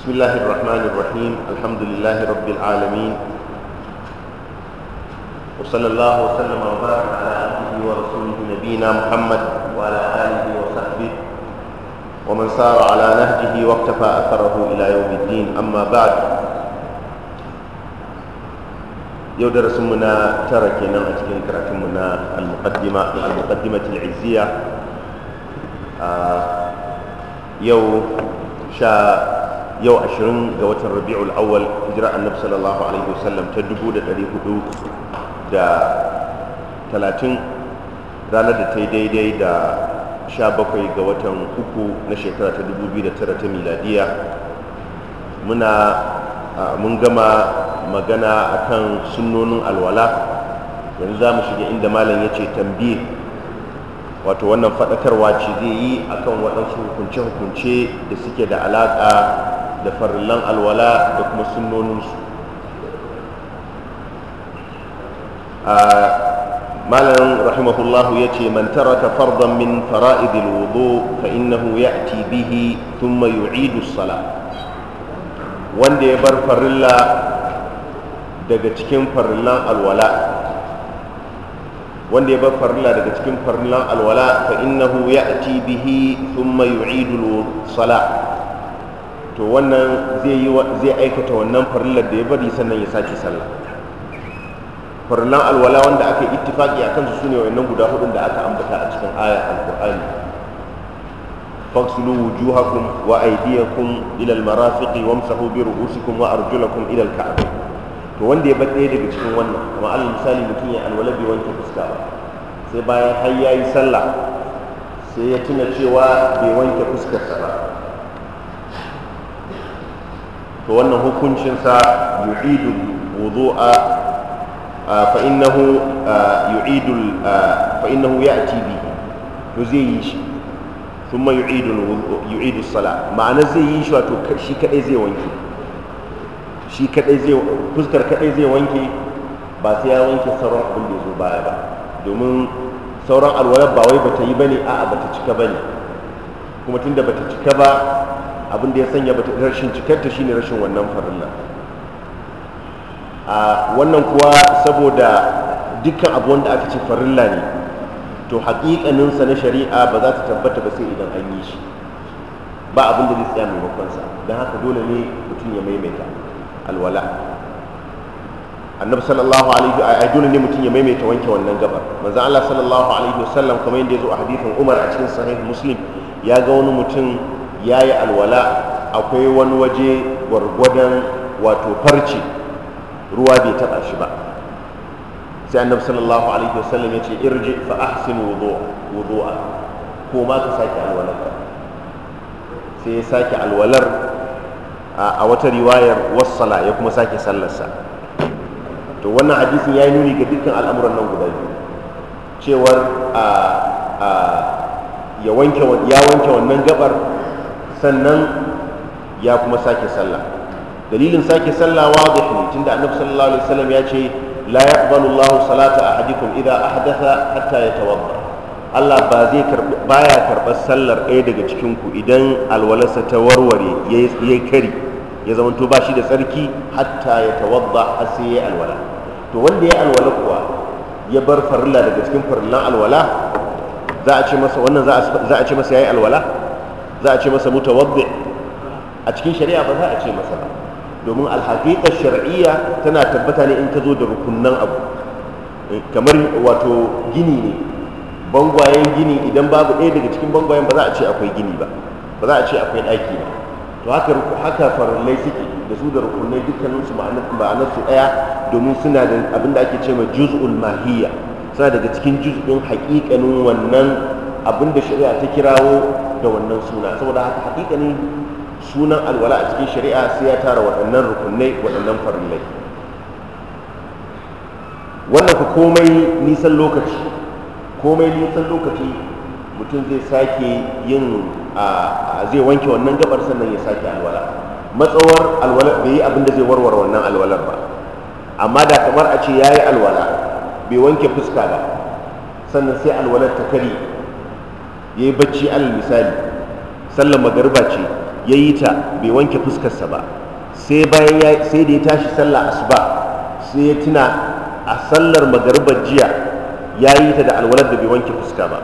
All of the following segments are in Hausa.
بسم الله الرحمن الرحيم الحمد لله رب العالمين وصلى الله وسلم وبارك على عبده ورسوله نبينا محمد وعلى اله وصحبه ومن سار على نهجه واقتفى اثره الى يوم الدين اما بعد يدرس منا تركنا اتكن منا المقدمه المقدمه العزيه آه يوم شاء yau ashirin ga watan rabi'ul awwal hijira annabi sallallahu alaihi wasallam ta dubu da 30 ranar da ta yi daidai da bakwai ga watan uku na shekara ta tara ta miladiya muna mun gama magana akan sunnonin alwala yanzu za mu shiga inda malam ya ce tambiye wato wannan faɗakarwa ce zai yi akan waɗansu hukunce-hukunce da suke da alaƙa da farillan alwala da kuma sunnoninsu a malam rahimahullahu ya ce man taraka fardan min fara'idil wudu fa innahu ya'ti bihi thumma yu'idu sala wanda ya bar farilla daga cikin farillan alwala wanda ya bar farilla daga cikin farillan alwala fa innahu ya'ti bihi thumma yu'idu sala to wannan zai yi zai aikata wannan farillar da ya bari sannan ya sake sallah farillan alwala wanda aka yi a kansu su wa wayannan guda hudun da aka ambata a cikin ayar alkur'ani faghsilu wujuhakum wa aydiyakum ila almarafiqi wamsahu bi ru'usikum wa arjulakum ila alka'bayn to wanda ya bar ɗaya daga cikin wannan kuma alal misali mutum ya alwala bai wanke fuska ba sai bayan har yayi sallah sai ya tuna cewa bai wanke fuskarsa to wannan hukuncinsa yu'idul wudu'a fa innahu yu'idu fa innahu ya'ti bihi to zai yi shi thumma yu'idu yu'idu sala ma'ana zai yi shi wato shi kadai zai wanke shi kadai zai fuskar kadai zai wanke ba sai ya wanke sauran abin da ya zo baya ba domin sauran alwalar ba wai bata yi bane a'a bata cika bane kuma tunda bata cika ba abin da ya sanya bata rashin cikarta shine rashin wannan farilla a wannan kuwa saboda dukkan abu wanda aka ce farilla ne to hakikaninsa na shari'a ba za ta tabbata ba sai idan an yi shi ba abin da zai tsaya maimakonsa don haka dole ne mutum ya maimaita alwala annabi sallallahu alaihi wa dole ne mutum ya maimaita wanke wannan gabar manzo Allah sallallahu alaihi sallam kamar yadda ya zo a hadisin Umar a cikin sahih Muslim ya ga wani mutum ya yi alwala akwai wani waje gwargwadon wato farce ruwa bai taɓa shi ba sai annabi sallallahu alaihi wasallam ya ce irji fa ahsin wudu'a ko ma ka sake alwalar sai ya sake alwalar a wata riwayar wassala ya kuma sake sallarsa to wannan hadisin ya yi nuni ga dukkan al'amuran nan guda biyu cewar a ya wanke wannan gabar sannan ya kuma sake sallah dalilin sake sallah wadih ne tunda annabi sallallahu alaihi wasallam ya ce la yaqbalu Allahu salata ahadikum idza ahdatha hatta yatawadda Allah ba zai karba baya karbar sallar ɗaya daga cikin ku idan alwalarsa ta warware yayi kari ya zama ba shi da tsarki hatta yatawadda har sai yayi alwala to wanda ya alwala kuwa ya bar farilla daga cikin farillan alwala za a ce masa wannan za a ce masa yayi alwala za a ce masa mutawaddi a cikin shari'a ba za a ce masa ba domin alhaƙiƙar shari'a tana tabbata ne in ta zo da rukunnan abu eh, kamar wato gini ne bangwayen gini idan babu ɗaya daga cikin bangwayen ba za a ce akwai gini ba ba za a ce akwai ɗaki ba to haka haka farallai suke da su da rukunai dukkanin su ma'anar su ɗaya domin suna da abin da ake ce ma juz'ul mahiyya suna daga cikin juz'in haƙiƙanin wannan abin da shari'a ta kirawo da wannan suna saboda haka hakikanin sunan alwala a cikin shari'a sai ya tara waɗannan rukunai waɗannan farillai wannan ka komai nisan lokaci komai nisan lokaci mutum zai sake yin zai wanke wannan gabar sannan ya sake alwala matsawar alwala bai yi abin da zai warware wannan alwalar ba amma da kamar a ce ya yi alwala bai wanke fuska ba sannan sai alwalar ta kari ya yi bacci alal misali sallar magariba ce ya yi ta bai wanke fuskarsa ba sai bayan sai da ya tashi sallar asuba sai ya tuna a sallar magariba jiya ya yi ta da alwalar da bai wanke fuska ba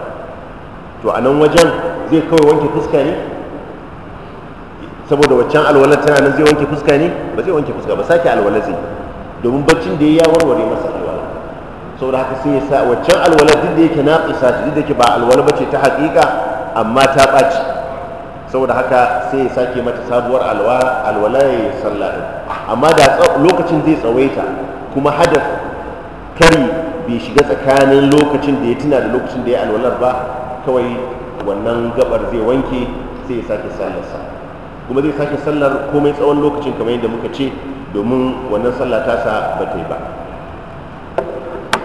to a nan wajen zai kawai wanke fuska ne saboda waccan alwalar tana nan zai wanke fuska ne ba zai wanke fuska ba sake alwalar zai domin baccin da ya warware masa alwalar saboda haka sai ya sa waccan alwala duk da yake naqisa duk da yake ba alwala ce ta haƙiƙa amma ta ɓaci saboda haka sai ya sake mata sabuwar alwala ya sallah ɗin amma da lokacin zai tsawaita kuma hadaf kari bai shiga tsakanin lokacin da ya tuna da lokacin da ya alwalar ba kawai wannan gabar zai wanke sai ya sake sallarsa kuma zai sake sallar komai tsawon lokacin kamar yadda muka ce domin wannan sallah tasa ba ta yi ba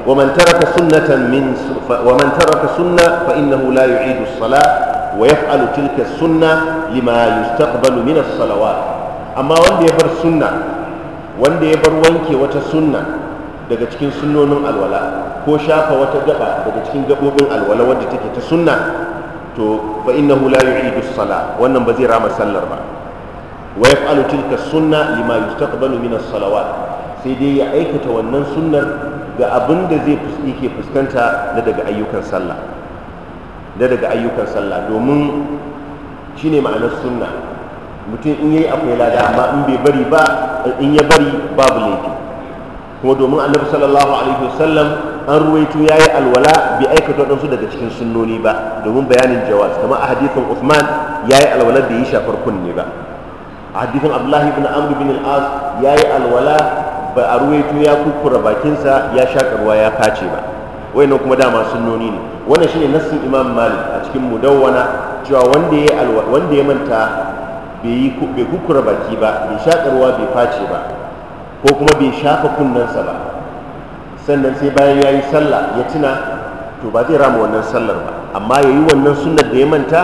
ومن ترك سنة من ومن ترك سنة فإنه لا يعيد الصلاة ويفعل تلك السنة لما يستقبل من الصلوات أما وند يبر سنة وند يبر وانكي سنة daga cikin sunnonin alwala ko shafa wata gaba daga cikin gabobin alwala wanda take ta sunna to fa innahu la yu'idu sala wannan ba zai rama sallar ba wa yaf'alu tilka sunna lima yustaqbalu min as-salawat sai dai ya aikata wannan sunnar ga abin da zai ke fuskanta na daga ayyukan sallah na daga ayyukan sallah domin shine ma'anar sunna mutum in yayi akwai lada amma in bai bari ba in ya bari babu laifi kuma domin annabi sallallahu alaihi wasallam an ruwaito yayi alwala bai aikata wadansu daga cikin sunnoni ba domin bayanin jawaz kamar a hadithin ya yayi alwala da yi shafar kunne ba a hadithin Abdullahi bin Amr bin al-As yayi alwala ba a ruwaito ya kukura bakinsa ya shakarwa ya face ba wayannan kuma dama noni ne wannan shine nassin imam malik a cikin mudawwana cewa wanda ya wanda ya manta bai kukura baki ba bai shakarwa bai face ba ko kuma bai shafa kunnensa ba sannan sai bayan ya yi sallah ya tuna to ba zai rama wannan sallar ba amma ya yi wannan sunnar da ya manta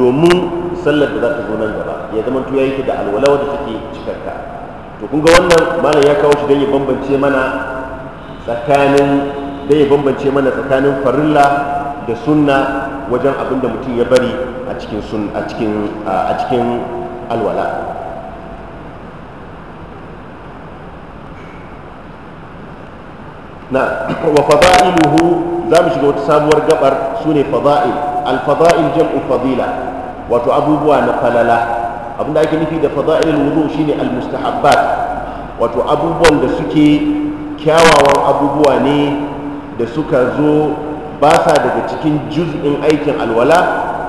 domin sallar da za ta zo nan gaba ya zama to ya yi ta da alwala wadda take cikarta to kun ga wannan malam ya kawo shi don ya bambance mana tsakanin don bambance mana tsakanin farilla da sunna wajen abin da mutum ya bari a cikin sun a cikin a cikin alwala na wa fada'iluhu za mu shiga wata sabuwar gabar su ne fada'il al-fada'il jam'u fadila wato abubuwa na falala abin da ake nufi da fada'ilul wudu shine mustahabbat wato abubuwan da suke kyawawan abubuwa ne da suka zo ba sa daga cikin juz'in aikin alwala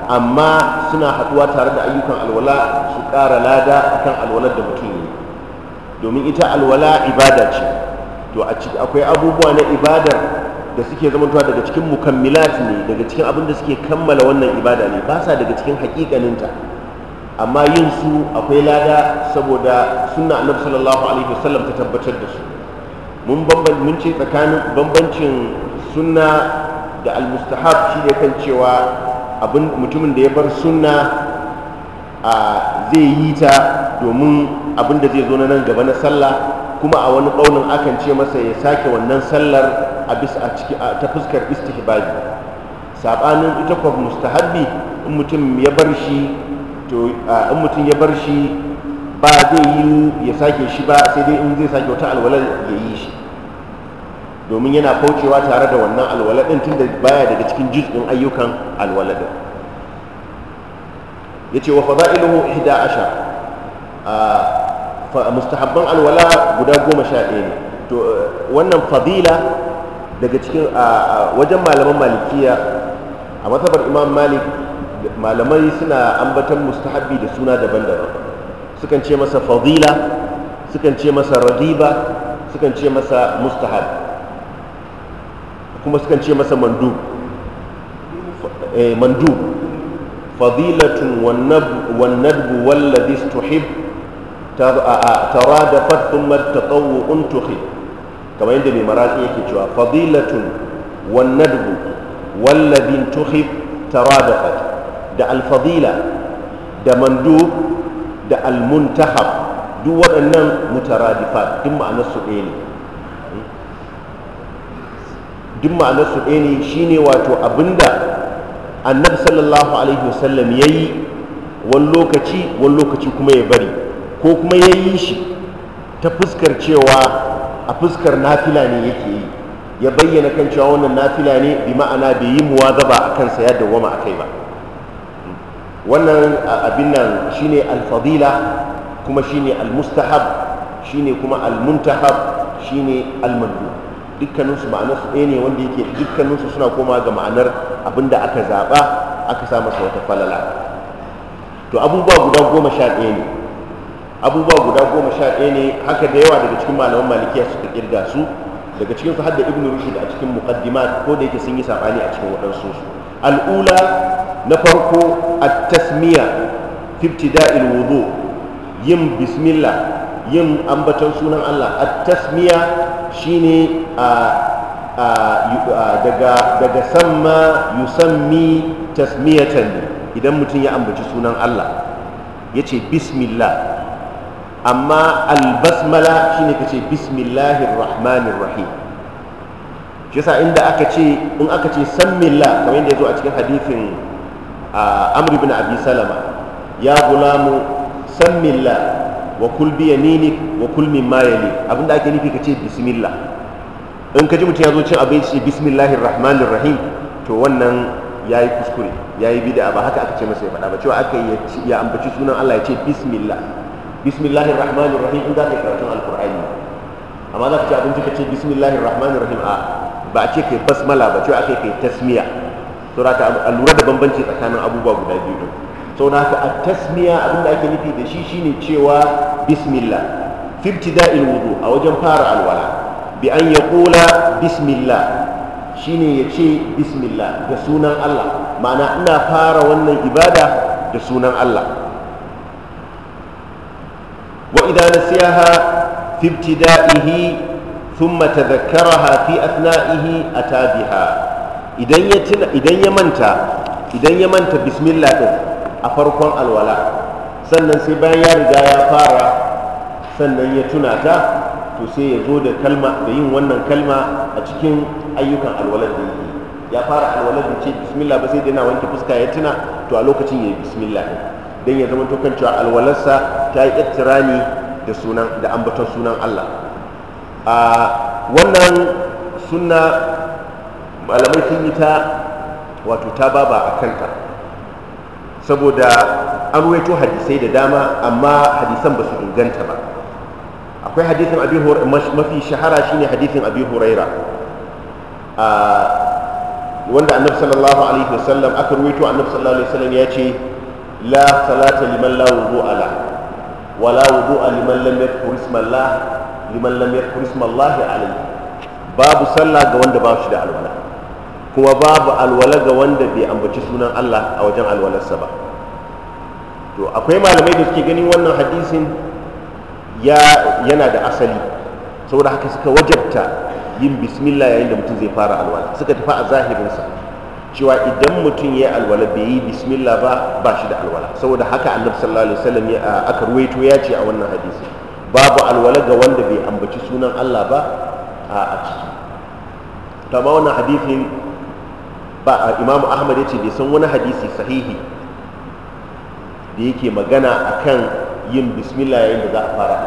amma suna haɗuwa tare da ayyukan alwala su ƙara lada akan alwalar da mutum yi domin ita alwala ibada ce to a ciki akwai abubuwa na ibadar da suke zamantowa daga cikin mukammilat ne daga cikin abin da suke kammala wannan ibada ne ba sa daga cikin haƙiƙaninta amma yin su akwai lada saboda suna annabi sallallahu alaihi wasallam ta tabbatar da su mun ce tsakanin bambancin sunna da almustahab shi ne kan cewa abin mutumin da ya bar sunna a zai yi ta domin abin da zai zo na nan gaba na sallah kuma a wani ƙaunin akan ce masa ya sake wannan sallar a bisa ta fuskar istihbabi saɓanin ita kwa mustahabbi in mutum ya bar shi to in mutum ya bar shi ba zai yi ya sake shi ba sai dai in zai sake wata alwalar ya yi shi domin yana kaucewa tare da wannan alwala din da baya daga cikin jirgin ayyukan alwala din ce wa fada'iluhu 11 a mustahabban alwala guda goma sha ɗaya ne to wannan fadila daga cikin wajen malaman malikiya a matsabar imam malik malamai suna ambatan mustahabbi da suna daban-daban sukan ce masa fadila sukan ce masa radiba sukan ce masa mustahab kuma sukan ce masa mandub eh, mandub fadilatun wannadbu wallazi tuhib taradafat thumma tatawwu'un tuhib kamar yadda mai maraki yake cewa fadilatun wannadbu wallazi tuhib taradafat da alfadila da mandub da almuntahab duk waɗannan mutaradifat duk ma'anar su ɗaya ne duk ma'anar su ɗaya ne shine wato abinda annabi sallallahu alaihi wasallam ya yi wani lokaci wani lokaci kuma ya bari ko kuma ya yi shi ta fuskar cewa a fuskar nafila ne yake yi ya bayyana kan cewa wannan nafila ne bi ma'ana bai yi muwa zaba a kansa ya dawwama a kai ba wannan abin nan shine alfadila kuma shine almustahab shine kuma almuntahab shine almandu dukkaninsu ma'anarsu ɗaya ne wanda yake dukkaninsu suna koma ga ma'anar abin da aka zaɓa aka sa masa wata falala to abubuwa guda goma sha ɗaya ne abubuwa guda goma sha ɗaya ne haka da yawa daga cikin malaman malikiya suka kirga su daga cikin su hadda ibn rushd a cikin muqaddimat ko da yake sun yi saɓani a cikin waɗansu su al'ula na farko at-tasmiya fi ibtida'il wudu yin bismillah yin ambaton sunan Allah at-tasmiya shine a daga daga samma yusammi tasmiyatan idan mutum ya ambaci sunan Allah yace bismillah amma al-basmala shine kace bismillahir rahmanir rahim shi yasa inda aka ce in aka ce san milla kamar yadda ya zo a cikin hadithin amri bin abi salama ya gulamu san milla wa kul bi nini wa kul mimma yali abinda ake nufi ka ce bismillah in ka ji mutum ya zo cin abinci bismillahir rahmanir rahim to wannan ya yi kuskure ya yi bida ba haka aka ce masa ya faɗa ba cewa aka yi ya ambaci sunan Allah ya ce bismillah bismillahir rahmanir rahim in za ka yi karatun alkur'ani amma za ka ci abinci ka ce bismillahir rahmanir rahim a ba a ce kai basmala ba ce aka kai tasmiya saboda a lura da bambanci tsakanin abubuwa guda biyu din saboda haka a tasmiya abin da ake nufi da shi shine cewa bismillah fi ibtida'il wudu a wajen fara alwala bi an yaqula bismillah shine ya ce bismillah da sunan Allah ma'ana ina fara wannan ibada da sunan Allah wa idan nasiyaha fi ibtida'ihi ثم تذكرها في أثنائه أتى بها إذن يتنا إذن يمنتا إذن يمنتا بسم الله أفرقون الولاء sannan sai bayan ya riga ya fara sannan ya tuna ta to sai ya zo da kalma da yin wannan kalma a cikin ayyukan alwalar da ya fara alwalar da ce bismillah ba sai dai na wanke fuska ya tuna to a lokacin ya yi bismillah dan ya zama to kan cewa alwalarsa ta yi ittirani da sunan da ambaton sunan Allah a wannan suna malamai sun yi ta wato ta baba a kanta saboda an ruwaito hadisai da dama amma hadisan ba su inganta ba akwai hadisin abi mafi shahara shine hadisin abi huraira wanda annabi sallallahu alaihi wasallam aka ruwaito annabi sallallahu alaihi wasallam ya ce la salata liman la wudu'a la wala wudu'a liman lam yadhkur isma liman lam yadhkur ismallahi alayhi babu sallah ga wanda ba shi da alwala kuma babu alwala ga wanda bai ambaci sunan Allah a wajen alwalarsa ba to akwai malamai da suke ganin wannan hadisin ya yana da asali saboda haka suka wajabta yin bismillah yayin da mutum zai fara alwala suka tafi a zahirinsa cewa idan mutum ya alwala bai yi bismillah ba ba shi da alwala saboda haka annabi sallallahu alaihi wasallam aka ruwaito ya ce a wannan hadisin. babu alwala ga wanda bai ambaci sunan Allah ba a ciki ma wannan hadisi ba a imamu ahmad ya ce bai san wani hadisi sahihi da yake magana a kan yin bismillah yayin da za a fara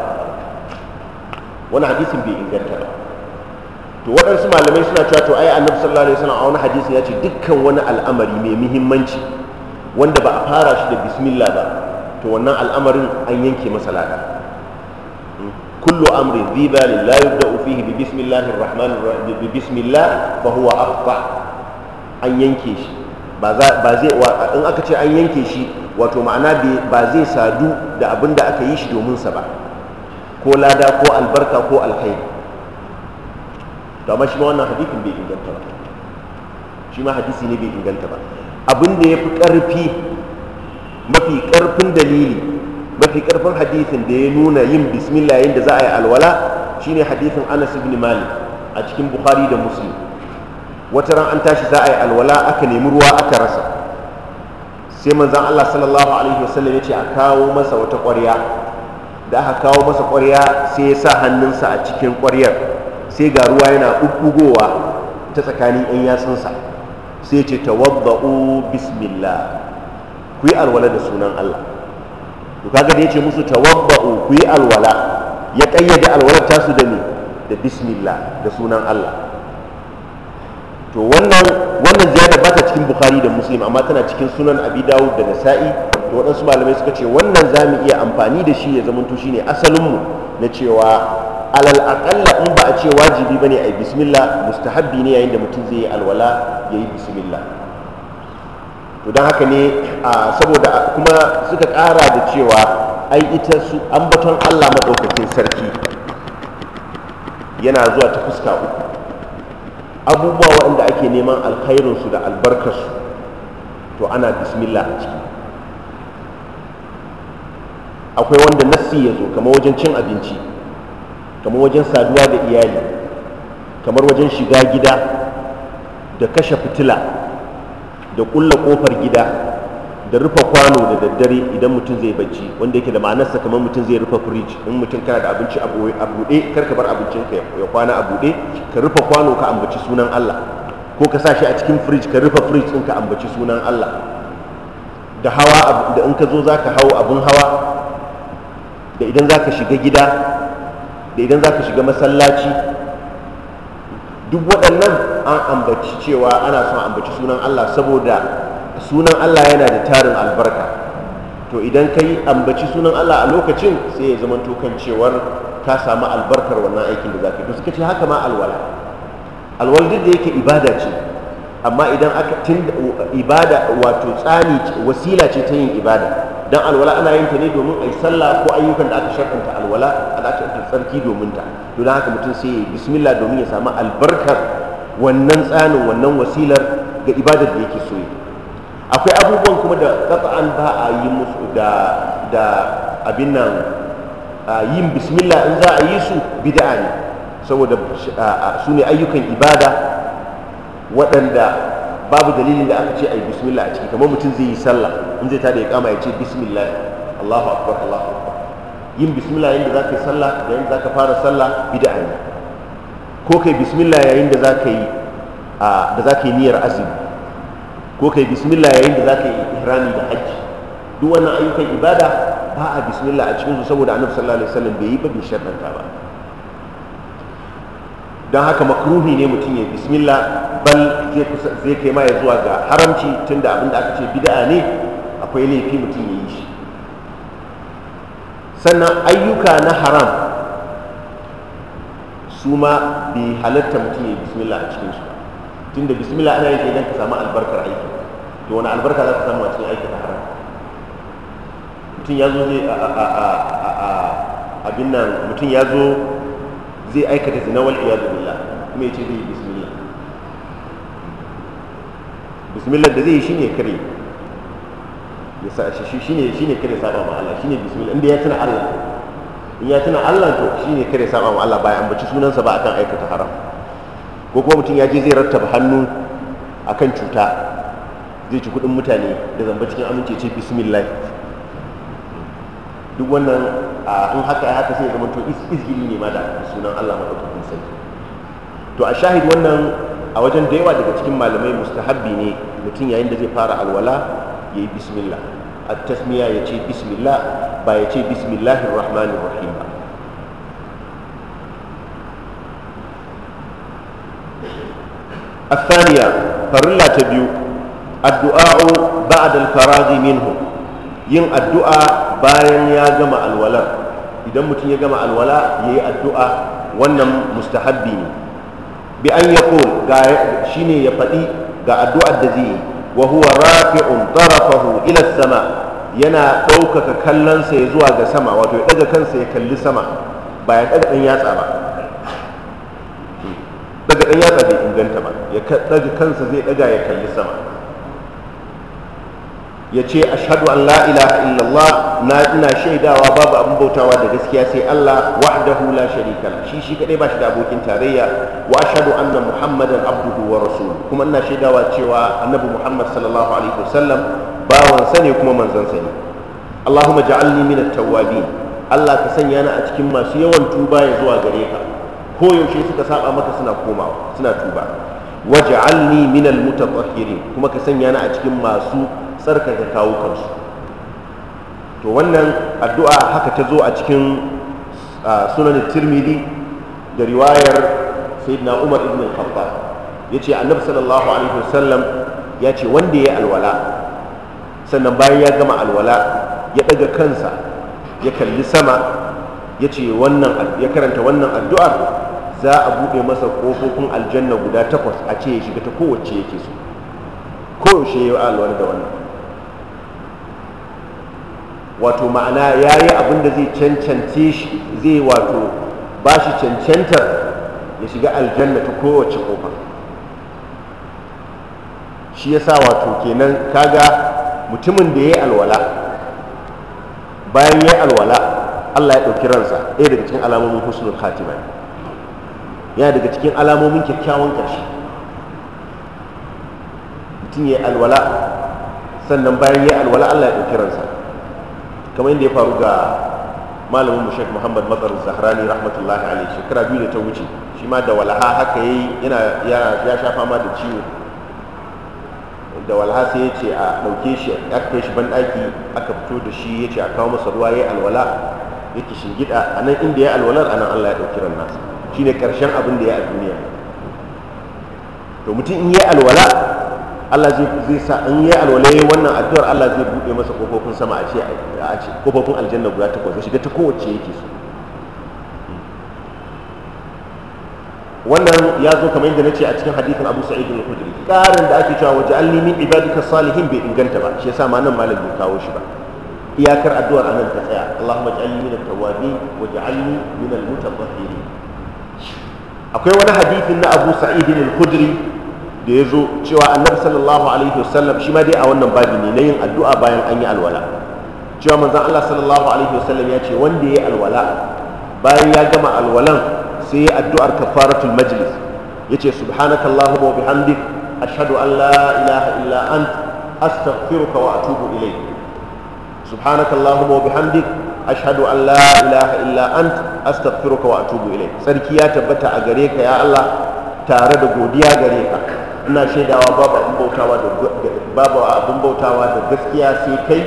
wani hadisin bai inganta ba to waɗansu malamai suna cewa to ai annabi sallallahu alaihi wasallam a wani hadisi ya ce dukkan wani al'amari mai muhimmanci wanda ba a fara shi da bismillah ba to wannan al'amarin an yanke masa lada كل أمر ذي بال لا يبدأ فيه ببسم الله الرحمن الرحيم ببسم الله فهو أقطع أن ينكش بازي وإن أكتش أن ينكش wato ma'ana ba zai sadu da abin da aka yi shi domin sa ba ko lada ko albarka ko alkhairi to amma wannan hadisin bai inganta ba shi ma ne bai inganta ba abin da ya fi ƙarfi mafi ƙarfin dalili mafi karfin hadisin da ya nuna yin bismillah yayin da za a yi alwala shine hadisin Anas ibn Malik a cikin Bukhari da Muslim wata ran an tashi za a yi alwala aka nemi ruwa aka rasa sai manzan Allah sallallahu alaihi wasallam ya ce a kawo masa wata ƙwarya da aka kawo masa ƙwarya sai ya sa hannunsa a cikin ƙwaryar sai ga ruwa yana ɓuɓɓugowa ta tsakanin 'yan yatsunsa sai ce tawadda'u bismillah ku yi alwala da sunan Allah to kaga da yace musu tawabba'u ku yi alwala ya kayyade alwalar tasu da ni da bismillah da sunan Allah to wannan wannan ziyada ba ta cikin bukhari da muslim amma tana cikin sunan abi dawud da nasa'i to waɗansu malamai suka ce wannan za mu iya amfani da shi ya zamanto shine asalinmu na cewa alal aƙalla in ba a ce wajibi bane a yi bismillah mustahabbi ne yayin da mutum zai yi alwala yayi bismillah to don haka ne saboda kuma suka ƙara da cewa ai ita su an ambaton allah maɗaukakin sarki yana zuwa ta fuska uku abubuwa waɗanda ake neman alkhairinsu da albarkarsu to ana bismillah a ciki akwai wanda nassi ya zo kamar wajen cin abinci kamar wajen saduwa da iyali kamar wajen shiga gida da kashe fitila da kulla kofar gida da rufe kwano da daddare idan mutum zai bacci wanda yake da ma'anarsa kamar mutum zai rufe firij in mutum kana da abinci a buɗe kar ka bar abincin ka ya kwana a buɗe ka rufe kwano ka ambaci sunan Allah ko ka sa shi a cikin firij ka rufe firij din ka ambaci sunan Allah da hawa da in ka zo za ka hau abin hawa da idan zaka shiga gida da idan za ka shiga masallaci duk waɗannan an ambaci cewa ana son ambaci sunan Allah saboda sunan Allah yana da tarin albarka to idan ka yi ambaci sunan Allah a lokacin sai ya zama kan cewar ka samu albarkar wannan aikin da za to suka ce haka ma alwala alwala duk da yake ibada ce amma idan aka tun ibada wato tsani wasila ce ta yin ibada dan alwala ana yin ta ne domin a yi sallah ko ayyukan da aka shakanta alwala ana tsarki domin ta to don haka mutum sai ya bismillah domin ya samu albarkar wannan tsanin wannan wasilar ga ibadar da yake so akwai abubuwan kuma da an ba a yi musu da da abin nan yin bismillah in za a yi su bid'a ne saboda su ne ayyukan ibada waɗanda babu dalilin da aka ce a yi bismillah a ciki kamar mutum zai yi sallah in zai tada ya kama ya ce bismillah allahu akbar allahu yin bismillah yayin da za ka yi sallah da yayin da za ka fara sallah bid'a ne ko kai bismillah yayin da za ka yi da za ka yi niyyar azumi ko kai bismillah yayin da za ka yi ihrami da hajji duk wannan ayyukan ibada ba a bismillah a cikin su saboda annabi sallallahu alaihi wasallam bai yi ba bai sharɗanta ba don haka makruhi ne mutum ya bismillah bal zai kai ma ya zuwa ga haramci tunda abin da aka ce bid'a ne akwai laifi mutum ya yi shi sannan ayyuka na haram su ma bai halatta mutum ya bismillah a cikin su tun da bismillah ana yake idan ka samu albarkar aiki to wani albarka za ka samu a cikin aiki na haram mutum ya zo zai abin nan mutum ya zo zai aikata zina wal iyadu billah kuma ya ce zai yi bismillah bismillah da zai yi ne kare ya sa shi shine shine kare saba ma Allah shine bismillah inda ya tuna Allah in ya tuna Allah to shine kare saba ma Allah bai ambaci sunansa ba akan aikata haram ko kuma mutum ya je zai rattaba hannu akan cuta zai ci kudin mutane da zamba cikin amince ce bismillah duk wannan in haka ya haka sai ya zama to izgili ne ma da sunan Allah madaukakin sarki to a shahid wannan a wajen da yawa daga cikin malamai mustahabbi ne mutum yayin da zai fara alwala ya yi bismillah a tasmiya ya ce bismillah ba ya ce bismillahir rahmanir rahim ba الثانية فرلا تبيو الدعاء بعد الفراغ منه yin addu'a bayan ya gama alwalar idan mutum ya gama alwala ya yi addu'a wannan mustahabbi ne bi an ya ga shi ne ya faɗi ga addu'ar da zai yi wa huwa rafi'un tarafahu ila sama yana ɗaukaka kallonsa ya zuwa ga sama wato ya ɗaga kansa ya kalli sama ba ya daga ɗan yatsa ba daga hmm. ɗan yatsa bai inganta ba ya ɗaga kansa zai ɗaga ya kalli sama ya ce ashadu an la ilaha illallah na ina shaidawa babu abin bautawa da gaskiya sai Allah wahdahu la sharika la shi shi kadai ba shi da abokin tarayya wa ashadu anna muhammadan abduhu wa rasul kuma ina shaidawa cewa annabi muhammad sallallahu alaihi wasallam bawansa ne kuma manzansa ne allahumma ja'alni min at-tawwabin Allah ka sanya ni a cikin masu yawan tuba ya zuwa gare ka ko yaushe suka saba maka suna komawa suna tuba waj'alni min al-mutatahhirin kuma ka sanya ni a cikin masu tsarkaka kawo kansu to wannan addu'a haka ta zo a cikin sunan tirmidhi da riwayar sayyidina umar ibn al-khattab yace annabi sallallahu alaihi wasallam ya ce wanda ya alwala sannan bayan ya gama alwala ya daga kansa ya kalli sama ya ce wannan ya karanta wannan addu'a za a buɗe masa ƙofofin aljanna guda takwas a ce ya shiga ta kowace yake so koyaushe ya yi alwala da wannan wato ma'ana ya yi abin da zai cancanci shi zai wato ba shi cancantar ya shiga aljanna ta kowace kofa shi ya sa wato kenan kaga mutumin da ya yi alwala bayan ya yi alwala allah ya ɗauki ransa ɗaya daga cikin alamomin husnul khatima yana daga cikin alamomin kyakkyawan ƙarshe mutum ya yi alwala sannan bayan ya yi alwala allah ya ɗauki ransa kamar yadda ya faru ga malamin mushek muhammad matsar zahrani rahmatullahi alaihi shekara biyu da ta wuce shi ma da walaha haka yayi yana ya sha fama da ciwo da walha sai ya ce a ɗauke shi a kai shi banɗaki aka fito da shi ya ce a kawo masa ruwa ya alwala yake shingida a nan inda ya alwalar a nan allah ya ɗauki ran nasa shine karshen abin da ya a duniya to mutum in ya alwala Allah zai sa in yi alwala wannan addu'ar Allah zai buɗe masa kofofin sama a ce a ce kofofin aljanna guda takwas ya shiga ta kowace yake so wannan ya zo kamar yadda na ce a cikin hadithin Abu Sa'id al-Khudri karin da ake cewa waje waja'alni min ibadika salihin bai inganta ba shi yasa ma nan malam bai kawo shi ba iyakar addu'ar anan ta tsaya Allahumma ij'alni min at-tawwabin waj'alni min al-mutatahhirin akwai wani hadithin na Abu Sa'id al-Khudri da ya zo cewa annabi sallallahu alaihi wasallam shi ma dai a wannan babi ne na yin addu'a bayan an yi alwala cewa manzon Allah sallallahu alaihi wasallam ya ce wanda ya yi alwala bayan ya gama alwalan sai ya addu'ar kafaratul majlis yace subhanaka allahumma wa bihamdik ashhadu an la ilaha illa ant astaghfiruka wa atubu ilayk wa bihamdik ashhadu an la ilaha illa ant astaghfiruka wa atubu ilayk sarki ya tabbata a gare ka ya Allah tare da godiya gare ka ina shaidawa babu abin bautawa da gaskiya sai kai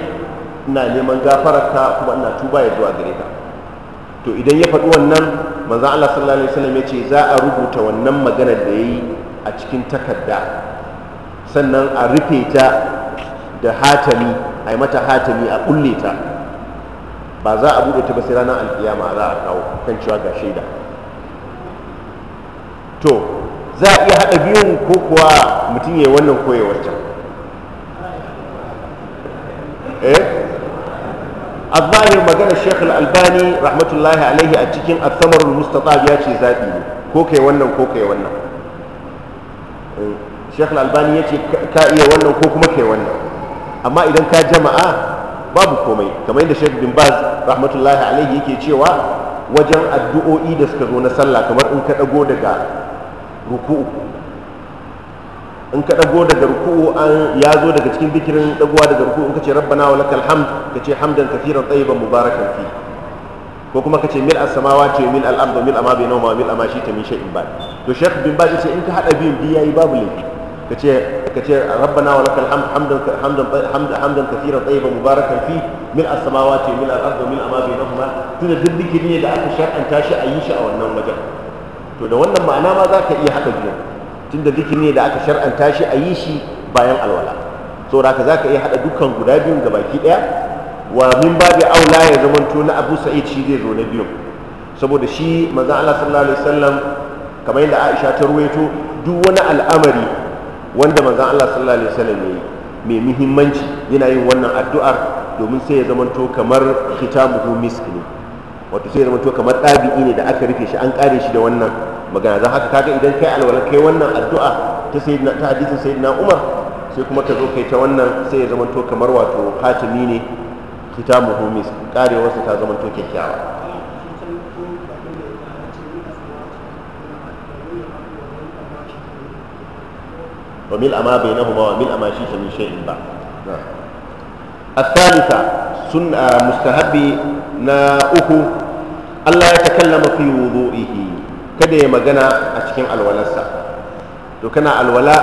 ina neman gafararka kuma ina tuba ya zuwa gare ka to idan ya faɗi wannan maza Allah sallallahu alaihi wasallam ya ce za a rubuta wannan maganar da yayi a cikin takarda sannan a rufe ta da hatami a yi mata hatami a kulle ta ba za a buɗe ta ba sai ranar alkiyama za a kawo kan cewa ga shaida to za a iya haɗa biyun ko kuwa mutum ya wannan koya wancan eh azahir magana sheikh al-albani rahmatullahi alaihi a cikin athamarul mustatab ya ce zaɓi ne ko kai wannan ko kai wannan eh, sheikh al-albani ya ce ka iya wannan ko kuma kai wannan amma idan ka jama'a babu komai kamar yadda sheikh bin baz rahmatullahi alaihi yake cewa wajen addu'o'i da suka zo na sallah kamar in ka ɗago daga ruku'u in ka dago daga ruku'u an ya zo daga cikin bikirin dagowa daga ruku'u in ka ce rabbana wa lakal hamd ka ce hamdan kathiran tayyiban mubarakan fi ko kuma ka ce mil as-samawati wa mil al-ardi mil ma bainahuma mil ma shi ta min shay'in ba to shaykh bin ba ce in ka hada biyun bi yayi babu laifi ka ce ka ce rabbana wa lakal hamd hamdan hamdan hamdan hamdan kathiran tayyiban mubarakan fi mil as-samawati wa mil al-ardi mil ma bainahuma tunda duk ne da aka shar'anta shi a yi shi a wannan wajen to da wannan ma'ana ma za ka iya haɗa biyu tunda zikiri ne da aka shar'anta shi a yi shi bayan alwala saboda haka za ka iya haɗa dukkan guda biyun ga baki ɗaya wa min bi aula ya zamanto na abu sa'id shi zai zo na biyun saboda shi maza Allah sallallahu alaihi wasallam kamar yadda Aisha ta ruwaito duk wani al'amari wanda maza Allah sallallahu alaihi wasallam yi mai muhimmanci yana yin wannan addu'ar domin sai ya zamanto kamar khitamuhu misk ne wato sai zama to kamar ɗabi'i ne da aka rufe shi an ƙare shi da wannan magana don haka kaga idan kai alwala kai wannan addu'a ta sayyidina ta hadisin sayyidina Umar sai kuma ka zo kai ta wannan sai ya zama to kamar wato hatimi ne kitamuhu mis karewarsa ta zama to kyakkyawa mil amma وملء ما بينهما وملء ما شئت من شيء بعد الثالثة سنة مستهب نا أكو Allah ya takallama fi wudu'ihi kada ya magana a cikin alwalarsa to kana alwala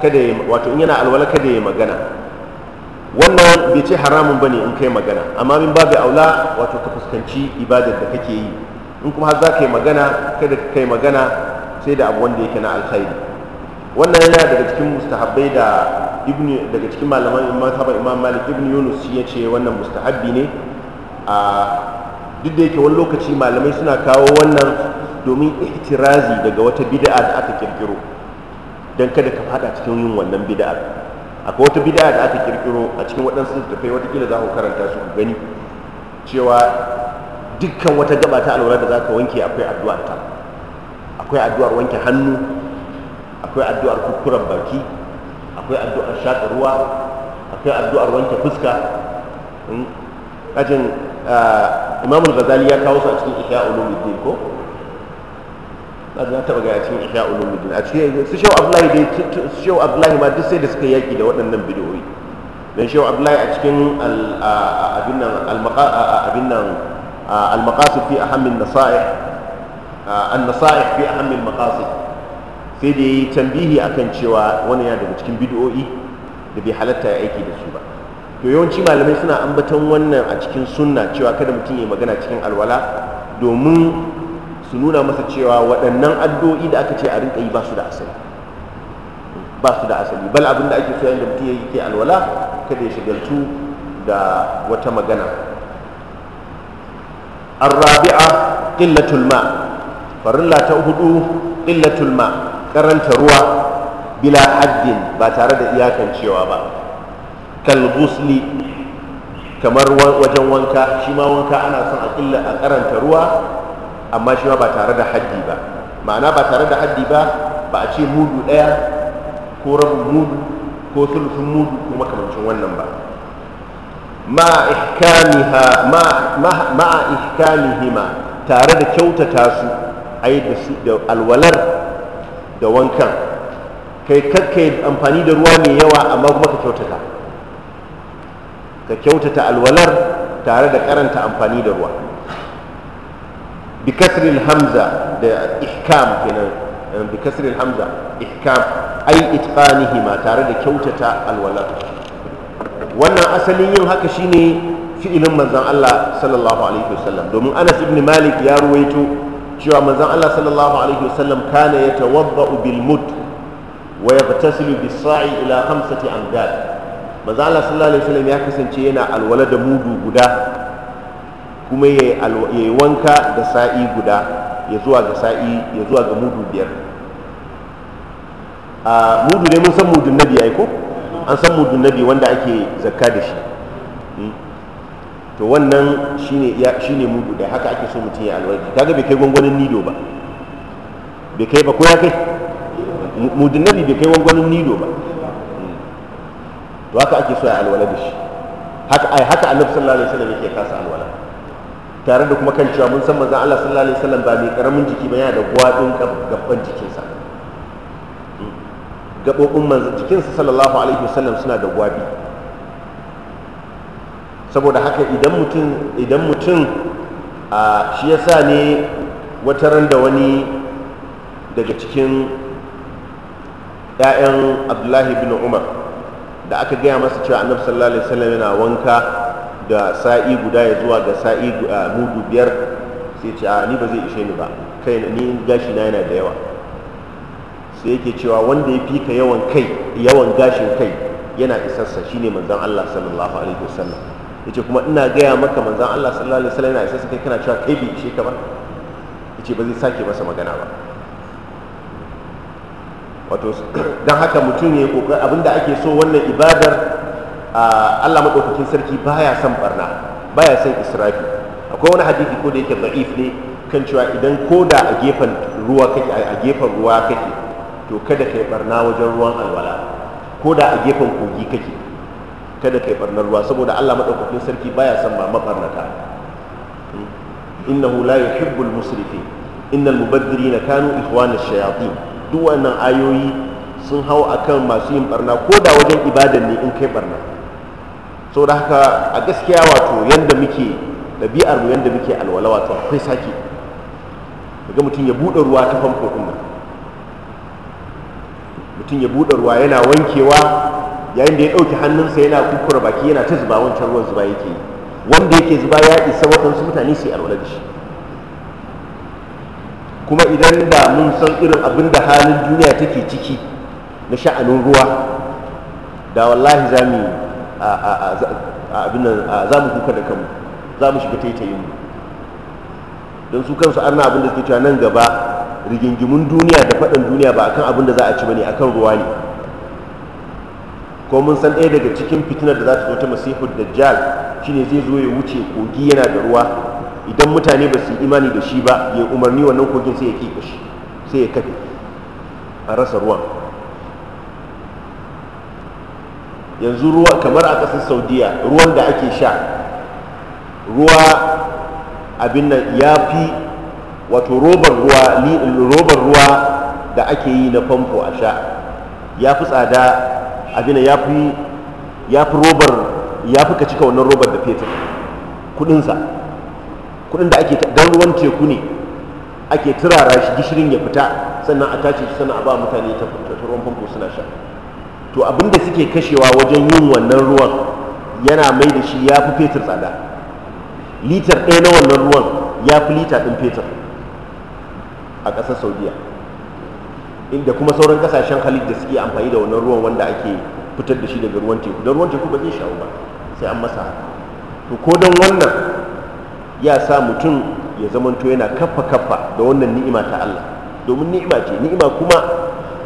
kada ya wato in yana alwala kada ya magana wannan bai ce haramun bane in kai magana amma min babu aula wato ka fuskanci ibadar da kake yi in kuma har za ka yi magana kada ka kai magana sai da abu wanda yake na alkhairi wannan yana daga cikin mustahabbai da ibn daga cikin malaman imam malik ibn yunus shi ce wannan mustahabbi ne a duk da yake wani lokaci malamai suna kawo wannan domin ihtirazi daga wata bid'a da aka kirkiro don kada ka fada cikin yin wannan bid'ar akwai wata bid'a da aka kirkiro a cikin waɗansu littattafai watakila za ku karanta su gani cewa dukkan wata gaba ta alwala da za ka wanke akwai addu'ar ta akwai addu'ar wanke hannu akwai addu'ar kukuran baki akwai addu'ar shaƙa ruwa akwai addu'ar wanke fuska hmm, ajin imamul ghazali ya kawo su a cikin ihya ulumuddin ko na ga taba ga cikin ihya ulumuddin a cikin su shehu abdullahi dai su shehu abdullahi ma duk sai da suka yaki da waɗannan bidiyoyi dan shehu abdullahi a cikin abin nan abin nan al-maqasid fi ahammin nasaih an-nasaih fi ahammin maqasid sai da yi tambihi akan cewa wani yana daga cikin bidiyoyi da bai halatta ya aiki da su ba to yawanci malamai suna ambaton wannan a cikin sunna cewa kada mutum ya magana cikin alwala domin su nuna masa cewa waɗannan addu'o'i da aka ce a rinka yi ba su da asali ba su da asali bal abin da ake so yanda mutum ya ke alwala kada ya shigaltu da wata magana arrabi'a qillatul ma farilla ta hudu qillatul ma karanta ruwa bila haddin ba tare da iyakancewa ba kalbusli kamar wajen wanka shi ma wanka ana son a ƙilla a karanta ruwa amma shi ma ba tare da haddi ba ma'ana ba tare da haddi ba ba a ce mudu ɗaya ko rabin mudu ko sulfin mudu ko makamancin wannan ba ma'a hima tare da kyautata su a yi da alwalar da wankan kai kakkai amfani da ruwa mai yawa amma kuma ka kyautata ka kyautata alwalar tare da karanta amfani da ruwa bi hamza da ihkam kenan eh, bi kasril hamza ihkam ai itqanihi ma tare da kyautata alwalar wannan asalin yin haka shine fi'ilin manzon Allah sallallahu alaihi wasallam domin Anas ibn Malik ya ruwaito cewa manzon Allah sallallahu alaihi wasallam kana yatawadda'u bil mud wa yaghtasilu bis sa'i ila khamsati amdad manzo Allah sallallahu alaihi wasallam ya kasance yana alwala da mudu guda kuma yayi wanka da sa'i guda ya zuwa ga sa'i ya zuwa ga mudu biyar a mudu ne mun san mudun nabi ai ko an san mudun nabi wanda ake zakka da shi hmm. to wannan shine shine mudu da haka ake so mutum ya alwala kaga bai kai gwangwanin nido ba bai kai ba ko ya kai mudun nabi bai kai gwangwanin nido ba to haka ake so ya alwala da shi haka ai haka annabi sallallahu alaihi wasallam yake kasa alwala tare da kuma kan cewa mun san manzon Allah sallallahu alaihi wasallam ba mai karamin jiki ba yana da gwadin gaban jikinsa hmm. gabobin manzon jikinsa sallallahu alaihi wasallam suna da gwabi saboda haka idan mutum idan mutum a shi yasa ne ran da wani daga cikin 'ya'yan abdullahi bin umar da aka gaya masa cewa annabi sallallahu alaihi wasallam yana wanka da sa'i guda ya zuwa ga sa'i mudu biyar sai ce a ni ba zai ishe ni ba kai ni gashi na yana da yawa sai yake cewa wanda ya fika yawan kai yawan gashin kai yana isarsa shine manzon Allah sallallahu alaihi wasallam yace kuma ina gaya maka manzon Allah sallallahu alaihi wasallam yana isarsa kai kana cewa kai bai ishe ka ba yace ba zai sake masa magana ba wato don haka mutum ya abin abinda ake so wannan ibadar Allah maɗaukakin sarki baya son barna baya son israfi akwai wani hadisi ko da yake ba'if ne kan cewa idan ko da a gefen ruwa kake a gefen ruwa kake to kada kai barna wajen ruwan alwala ko da a gefen kogi kake kada kai barnar ruwa saboda Allah maɗaukakin sarki baya son ba mabarnata hmm? innahu la yuhibbul musrifin innal na kanu ikhwana shayatin duk ayoyi sun hau akan masu yin barna ko da wajen ibadan ne in kai barna saboda haka a gaskiya wato yadda muke ɗabi'ar mu yadda muke alwala wato akwai sake daga mutum ya buɗe ruwa ta famfo ɗin nan mutum ya buɗe ruwa yana wankewa yayin da ya ɗauki hannunsa yana kukura baki yana ta zuba wancan ruwan zuba yake yi wanda yake zuba ya isa su mutane su yi alwala da shi kuma idan da mun san irin abin da halin duniya take ciki na sha'anin ruwa da wallahi za mu za mu kuka da kanmu za mu shiga taitayin mu don su kansu an abin da suke cewa nan gaba rigingimun duniya da faɗin duniya ba akan abin da za a ci bane akan ruwa ne ko mun san ɗaya daga cikin fitinar da za ta zo ta masihud dajjal shine zai zo ya wuce kogi yana da ruwa idan mutane ba su yi imani da shi ba ya umarni wannan kogin sai ya kiɓe shi sai ya kafe a rasa ruwan yanzu ruwa kamar a ƙasar saudiya ruwan da ake sha ruwa abin nan ya fi wato robar ruwa robar ruwa da ake yi na famfo a sha ya fi tsada abin ya fi ya fi robar ya fi ka cika wannan robar da fetur kudinsa kudin da ake don ruwan teku ne ake turara shi gishirin ya fita sannan a tace shi sannan a ba mutane ta ruwan famfo suna sha to abin da suke kashewa wajen yin wannan ruwan yana mai da shi ya fi fetur tsada litar ɗaya na wannan ruwan ya fi lita ɗin fetur a ƙasar saudiya inda kuma sauran ƙasashen halin da suke amfani da wannan ruwan wanda ake fitar da shi daga ruwan teku don ruwan teku ba zai shawo ba sai an masa to ko don wannan ya sa mutum ya zamanto yana kaffa kaffa da wannan ni'ima ta Allah domin ni'ima ce ni'ima kuma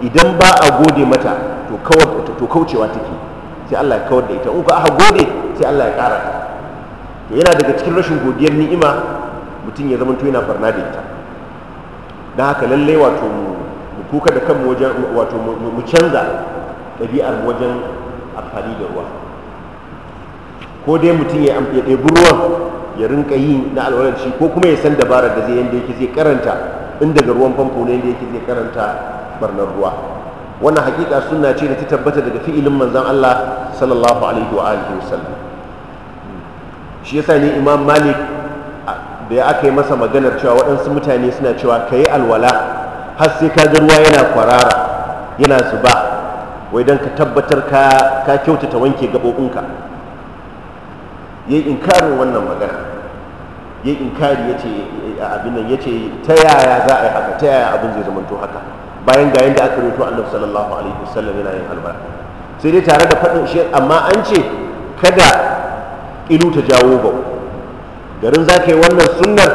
idan ba a gode mata to kawar to kaucewa take sai Allah ya kawar da ita in ko aka gode sai Allah ya ƙara to yana daga cikin rashin godiyar ni'ima mutum ya zamanto yana barna da ita dan haka lalle wato mu kuka da kanmu wajen wato mu canza ɗabi'ar wajen amfani da ruwa ko dai mutum ya ɗebi ruwan ya rinka yi na alwalar shi ko kuma ya san dabarar da zai yanda yake zai karanta inda daga ruwan famfo ne yake zai karanta barnar ruwa wannan hakika suna ce da ta tabbata daga fi'ilin manzon Allah sallallahu alaihi wa alihi wasallam shi yasa ne Imam Malik da ya aka yi masa maganar cewa waɗansu mutane suna cewa ka yi alwala har sai ka ga ruwa yana kwarara yana zuba wai don ka tabbatar ka kyautata wanke gaɓoɓinka yi inkarin wannan magana ya yi inkari yace abin nan yace ta yaya za a yi haka ta yaya abin zai zamanto haka bayan ga yadda aka rawaito Annabi sallallahu alaihi wasallam yana yin albarka sai dai tare da faɗin shi amma an ce kada ilu ta jawo ba garin za ka yi wannan sunnar